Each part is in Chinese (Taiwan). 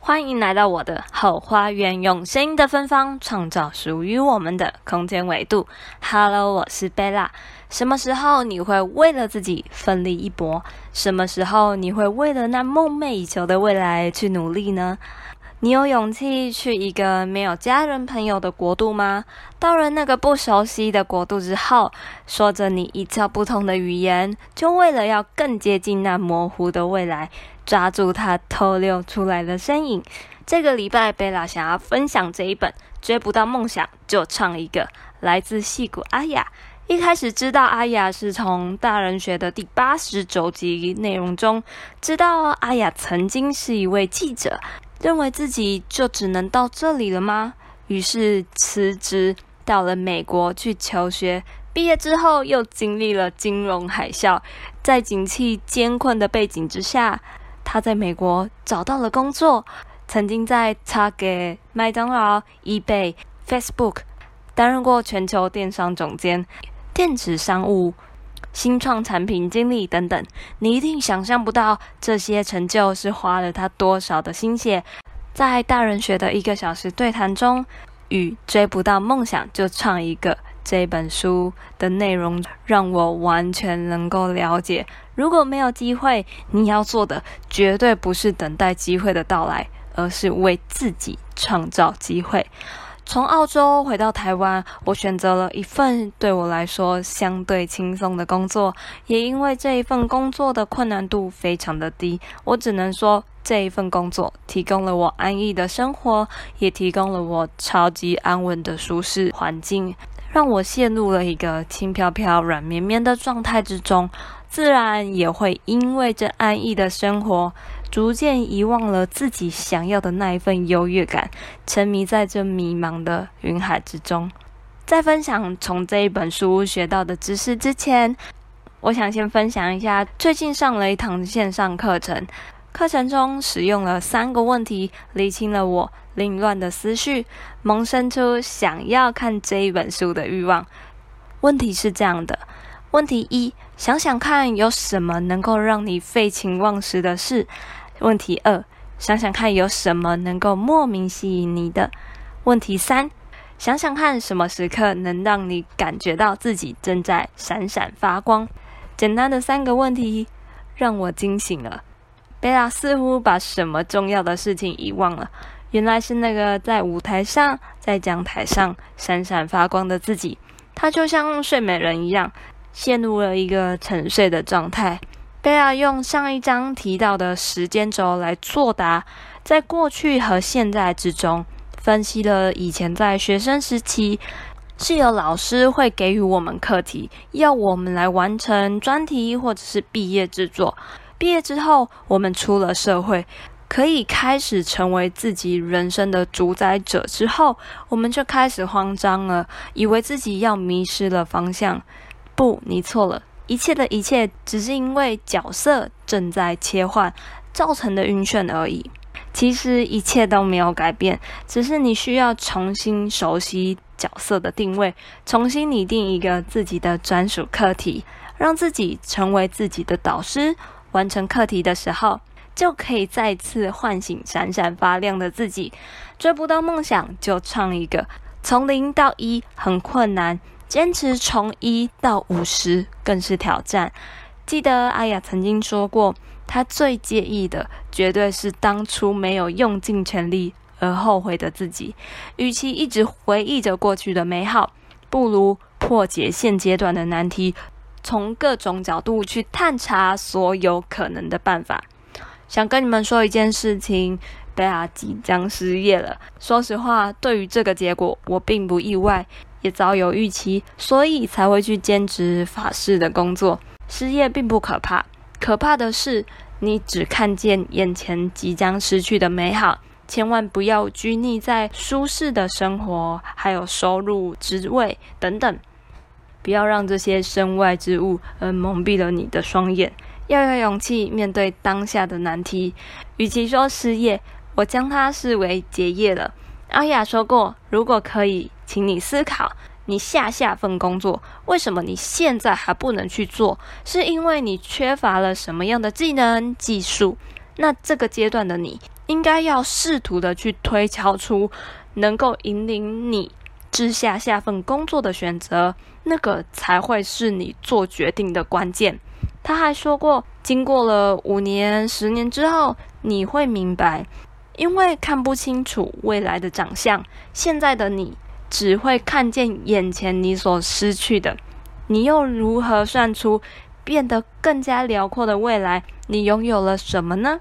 歡迎來到我的後花園，用聲音的芬芳創造屬於我們的空間維度。Hello，我是貝拉。什麼時候你會為了自己奮力一搏？什麼時候你會為了那夢寐以求的未來去努力呢？你有勇氣去一個沒有家人朋友的國度嗎？到了那個不熟悉的國度之後，說着你一竅不通的語言，就為了要更接近那模糊的未來，抓住他偷溜出來的身影。這個禮拜，貝拉想要分享這一本《追不到夢想就唱一個》，來自矽谷阿雅。一開始知道阿雅，是從大人學的第八十九集內容中知道阿雅曾經是一位記者。認為自己就只能到這裡了嗎？於是辭職，到了美國去求學。畢業之後，又經歷了金融海嘯，在景氣艱困的背景之下，他在美國找到了工作。曾經在 target、麥當勞、易 y Facebook 擔任過全球電商總監，電子商務。新創產品經歷等等，你一定想象不到這些成就是花了他多少的心血。在大人學的一個小時對談中，《與追不到夢想就創一個》這本書的內容讓我完全能夠了解。如果沒有機會，你要做的絕對不是等待機會的到來，而是為自己創造機會。從澳洲回到台灣，我選擇了一份對我來說相對輕鬆的工作。也因為這一份工作的困難度非常的低，我只能說這一份工作提供了我安逸的生活，也提供了我超級安穩的舒適環境，讓我陷入了一個輕飄飄、軟綿綿的狀態之中。自然也會因為這安逸的生活，逐漸遺忘了自己想要的那一份優越感，沉迷在這迷茫的雲海之中。在分享從這一本書學到的知識之前，我想先分享一下最近上了一堂線上課程。課程中使用了三個問題，理清了我凌亂的思緒，萌生出想要看這一本書的慾望。問題是這樣的。問題一：想想看，有什麼能夠讓你廢寢忘食的事？問題二：想想看，有什麼能夠莫名吸引你的？問題三：想想看，什麼時刻能讓你感覺到自己正在閃閃發光？簡單的三個問題讓我驚醒了。貝拉似乎把什麼重要的事情遺忘了。原來是那個在舞台上、在講台上閃閃發光的自己。他就像睡美人一樣。陷入了一個沉睡的狀態。貝爾用上一章提到的時間軸來作答，在過去和現在之中，分析了以前在學生時期是有老師會給予我們課題，要我們來完成專題或者是畢業製作。畢業之後，我們出了社會，可以開始成為自己人生的主宰者。之後，我們就開始慌張了，以為自己要迷失了方向。不，你錯了。一切的一切，只是因為角色正在切換造成的暈眩而已。其實一切都沒有改變，只是你需要重新熟悉角色的定位，重新擬定一個自己的專屬課題，讓自己成為自己的導師。完成課題的時候，就可以再次喚醒閃閃發亮的自己。追不到夢想就唱一個《從零到一》，很困難。堅持從一到五十更是挑戰。記得阿雅曾經說過，她最介意的絕對是當初沒有用盡全力而後悔的自己。與其一直回憶着過去的美好，不如破解現階段的難題，從各種角度去探查所有可能的辦法。想跟你們說一件事情，貝拉即將失業了。說實話，對於這個結果，我並不意外。也早有預期，所以才會去兼職法式的工作。失業並不可怕，可怕的是你只看見眼前即將失去的美好。千萬不要拘泥在舒適的生活，還有收入、職位等等，不要讓這些身外之物而蒙蔽了你的雙眼。要有勇氣面對當下的難題。與其說失業，我將它視為結業了。阿雅說過，如果可以。請你思考，你下下份工作為什麼你現在還不能去做？是因為你缺乏了什麼樣的技能技術？那這個階段的你應該要試圖的去推敲出能夠引領你至下下份工作的選擇，那個才會是你做決定的關鍵。他還說過，經過了五年、十年之後，你會明白，因為看不清楚未來的長相，現在的你，只會看見眼前你所失去的，你又如何算出變得更加遼闊的未來？你擁有了什麼呢？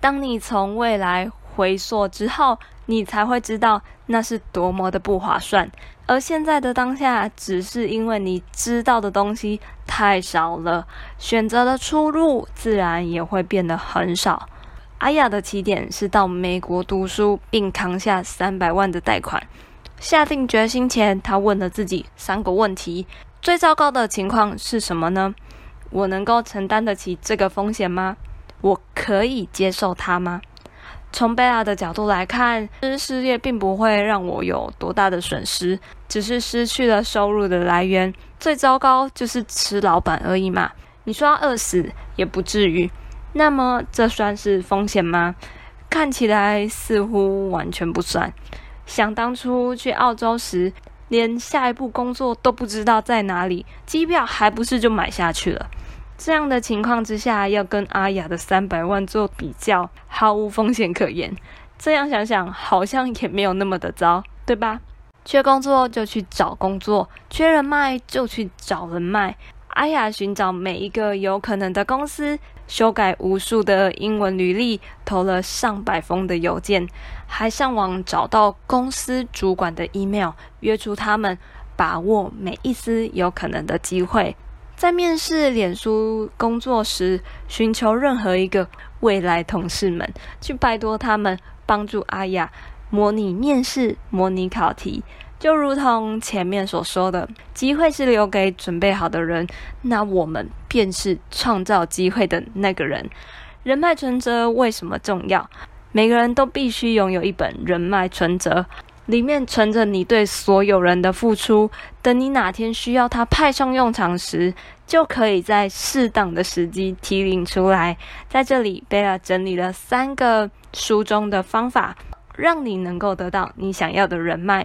當你從未來回溯之後，你才會知道那是多麼的不划算。而現在的當下，只是因為你知道的東西太少了，選擇的出路自然也會變得很少。阿雅的起點是到美國讀書，並扛下三百萬的貸款。下定決心前，他問了自己三個問題：最糟糕的情況是什麼呢？我能夠承擔得起這個風險嗎？我可以接受它嗎？從貝拉的角度來看，失業並不會讓我有多大的損失，只是失去了收入的來源。最糟糕就是吃老闆而已嘛。你說要餓死也不至於。那麼，這算是風險嗎？看起來似乎完全不算。想當初去澳洲時，連下一步工作都不知道在哪裡，機票還不是就買下去了。這樣的情況之下，要跟阿雅的三百萬做比較，毫無風險可言。這樣想想，好像也沒有那麼的糟，對吧？缺工作就去找工作，缺人脈就去找人脈。阿雅尋找每一個有可能的公司，修改無數的英文履歷，投了上百封的郵件。還上網找到公司主管的 email，約出他們，把握每一絲有可能的機會，在面試臉書工作時，尋求任何一個未來同事們，去拜託他們幫助阿雅模擬面試、模擬考題。就如同前面所說的，機會是留給準備好的人，那我們便是創造機會的那個人。人脈存折為什麼重要？每個人都必須擁有一本人脈存摺，裡面存着你對所有人的付出。等你哪天需要他派上用場時，就可以在適當的時機提領出來。在這裡，貝拉整理了三個書中的方法，讓你能夠得到你想要的人脈：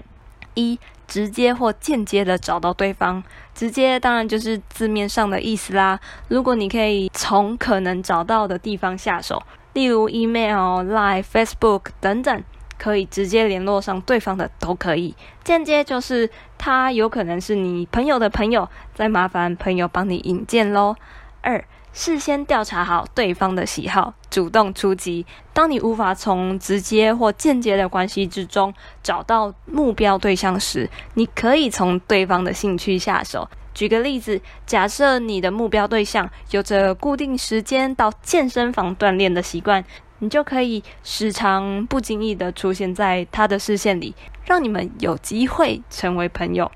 一、直接或間接的找到對方。直接當然就是字面上的意思啦。如果你可以從可能找到的地方下手。例如 email、Line、Facebook 等等，可以直接聯絡上對方的都可以。間接就是他有可能是你朋友的朋友，再麻煩朋友幫你引薦嘍。二、事先調查好對方的喜好，主動出擊。當你無法從直接或間接的關係之中找到目標對象時，你可以從對方的興趣下手。舉個例子，假設你的目標對象有着固定時間到健身房鍛鍊的習慣，你就可以時常不經意的出現在他的視線裡，讓你們有機會成為朋友。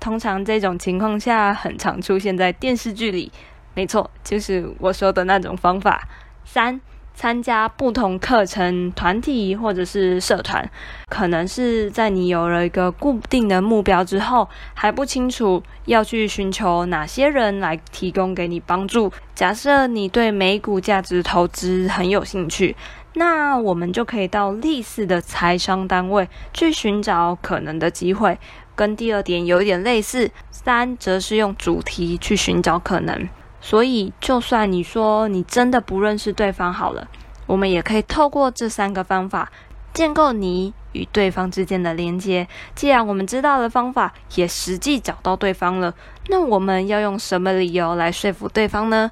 通常這種情況下很常出現在電視劇裡。沒錯，就是我說的那種方法。三。參加不同課程、團體或者是社團，可能是在你有了一個固定的目標之後，還不清楚要去尋求哪些人來提供給你幫助。假設你對美股價值投資很有興趣，那我們就可以到類似的財商單位去尋找可能的機會，跟第二點有一點類似。三則是用主題去尋找可能。所以，就算你說你真的不認識對方好了，我們也可以透過這三個方法建構你與對方之間的連接。既然我們知道的知道了方法，也實際找到對方了，那我們要用什麼理由來說服對方呢？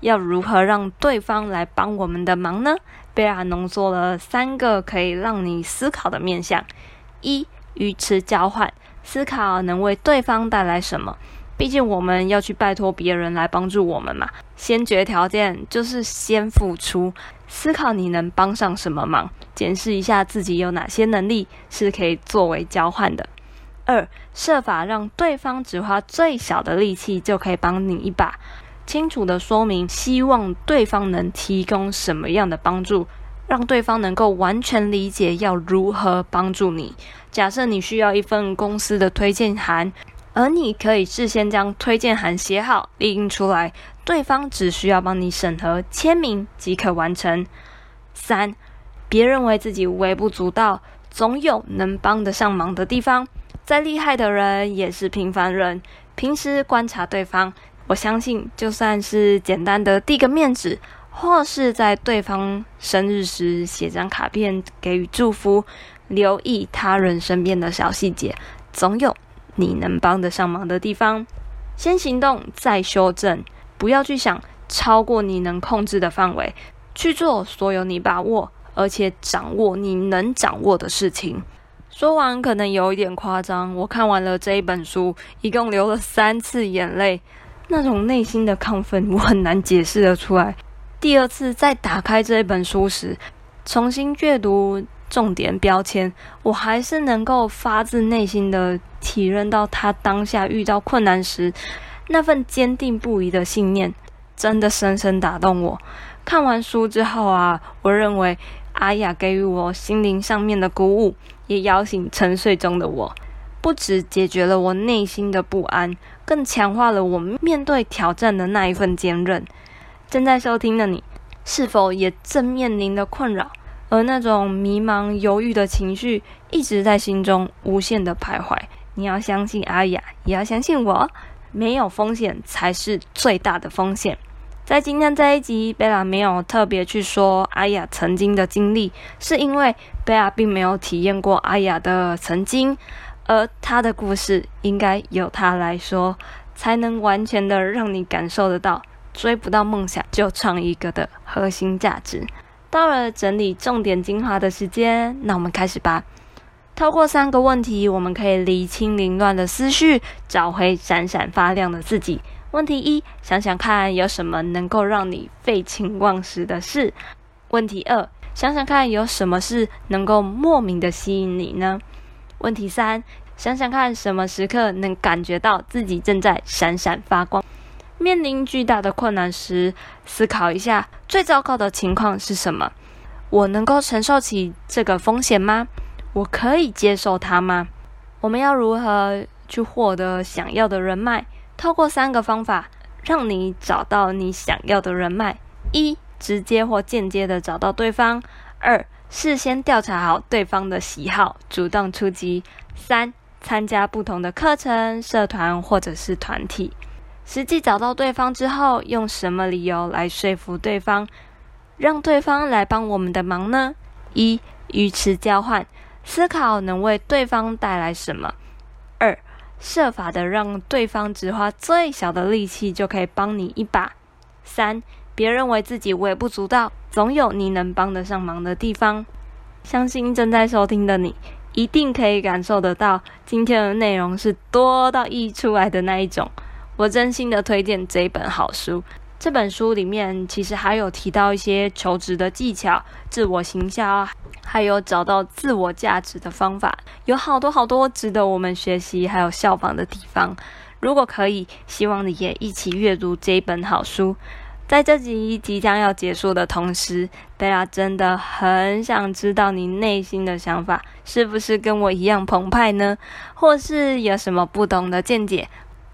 要如何讓對方來幫我們的忙呢？貝爾農做了三個可以讓你思考的面向：一、魚池交換，思考能為對方帶來什麼。畢竟我們要去拜托別人來幫助我們嘛，先決條件就是先付出。思考你能幫上什麼忙，檢視一下自己有哪些能力是可以作為交換的。二，設法讓對方只花最小的力氣就可以幫你一把。清楚的說明希望對方能提供什麼樣的幫助，讓對方能夠完全理解要如何幫助你。假設你需要一份公司的推薦函。而你可以事先將推薦函寫好，列印出來，對方只需要幫你審核簽名即可完成。三，別認為自己微不足道，總有能幫得上忙的地方。再厲害的人也是平凡人。平時觀察對方，我相信就算是簡單的遞個面紙，或是在對方生日時寫張卡片給予祝福，留意他人身邊的小細節，總有。你能幫得上忙的地方，先行動再修正，不要去想超過你能控制的範圍，去做所有你把握而且掌握你能掌握的事情。說完可能有一點誇張，我看完了這一本書，一共流了三次眼淚，那種內心的亢奮我很難解釋得出來。第二次再打開這一本書時，重新閱讀。重點標籤，我還是能夠發自內心的體認到他當下遇到困難時那份堅定不移的信念，真的深深打動我。看完書之後啊，我認為阿雅給予我心靈上面的鼓舞，也搖醒沉睡中的我，不只解決了我內心的不安，更強化了我面對挑戰的那一份堅韌。正在收聽的你，是否也正面臨的困擾？而那種迷茫、猶豫的情緒一直在心中無限的徘徊。你要相信阿雅，也要相信我。沒有風險才是最大的風險。在今天這一集，貝拉沒有特別去說阿雅曾經的經歷，是因為貝拉並沒有體驗過阿雅的曾經，而她的故事應該由她來說，才能完全的讓你感受得到。追不到夢想就創一個的核心價值。到了整理重點精華的時間，那我們開始吧。透過三個問題，我們可以理清凌亂的思緒，找回閃閃發亮的自己。問題一：想想看，有什麼能夠讓你廢寢忘食的事？問題二：想想看，有什麼事能夠莫名的吸引你呢？問題三：想想看，什麼時刻能感覺到自己正在閃閃發光？面臨巨大的困難時，思考一下最糟糕的情況是什麼？我能夠承受起這個風險嗎？我可以接受它嗎？我們要如何去獲得想要的人脈？透過三個方法，讓你找到你想要的人脈。一、直接或間接的找到對方。二、事先調查好對方的喜好，主動出擊。三、參加不同的課程、社團或者是團體。實際找到對方之後，用什麼理由來說服對方，讓對方來幫我們的忙呢？一，魚池交換，思考能為對方帶來什麼。二，設法的讓對方只花最小的力氣就可以幫你一把。三，別認為自己微不足道，總有你能幫得上忙的地方。相信正在收聽的你，一定可以感受得到，今天的內容是多到溢出來的那一種。我真心的推薦這一本好書。這本書裡面其實還有提到一些求職的技巧、自我形象，還有找到自我價值的方法，有好多好多值得我們學習還有效仿的地方。如果可以，希望你也一起閱讀這一本好書。在這集即將要結束的同時，貝拉真的很想知道你內心的想法是不是跟我一樣澎湃呢？或是有什麼不懂的見解？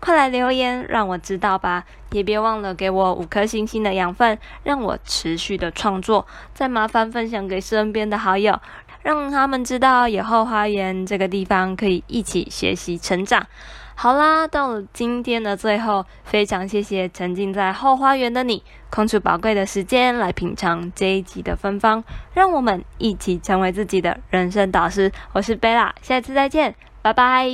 快來留言，讓我知道吧！也別忘了給我五顆星星的養分，讓我持續的創作。再麻煩分享給身邊的好友，讓他們知道有後花園這個地方可以一起學習成長。好啦，到了今天的最後，非常謝謝沉浸在後花園的你，空出寶貴的時間來品嘗這一集的芬芳。讓我們一起成為自己的人生導師。我是貝拉，下次再見，拜拜。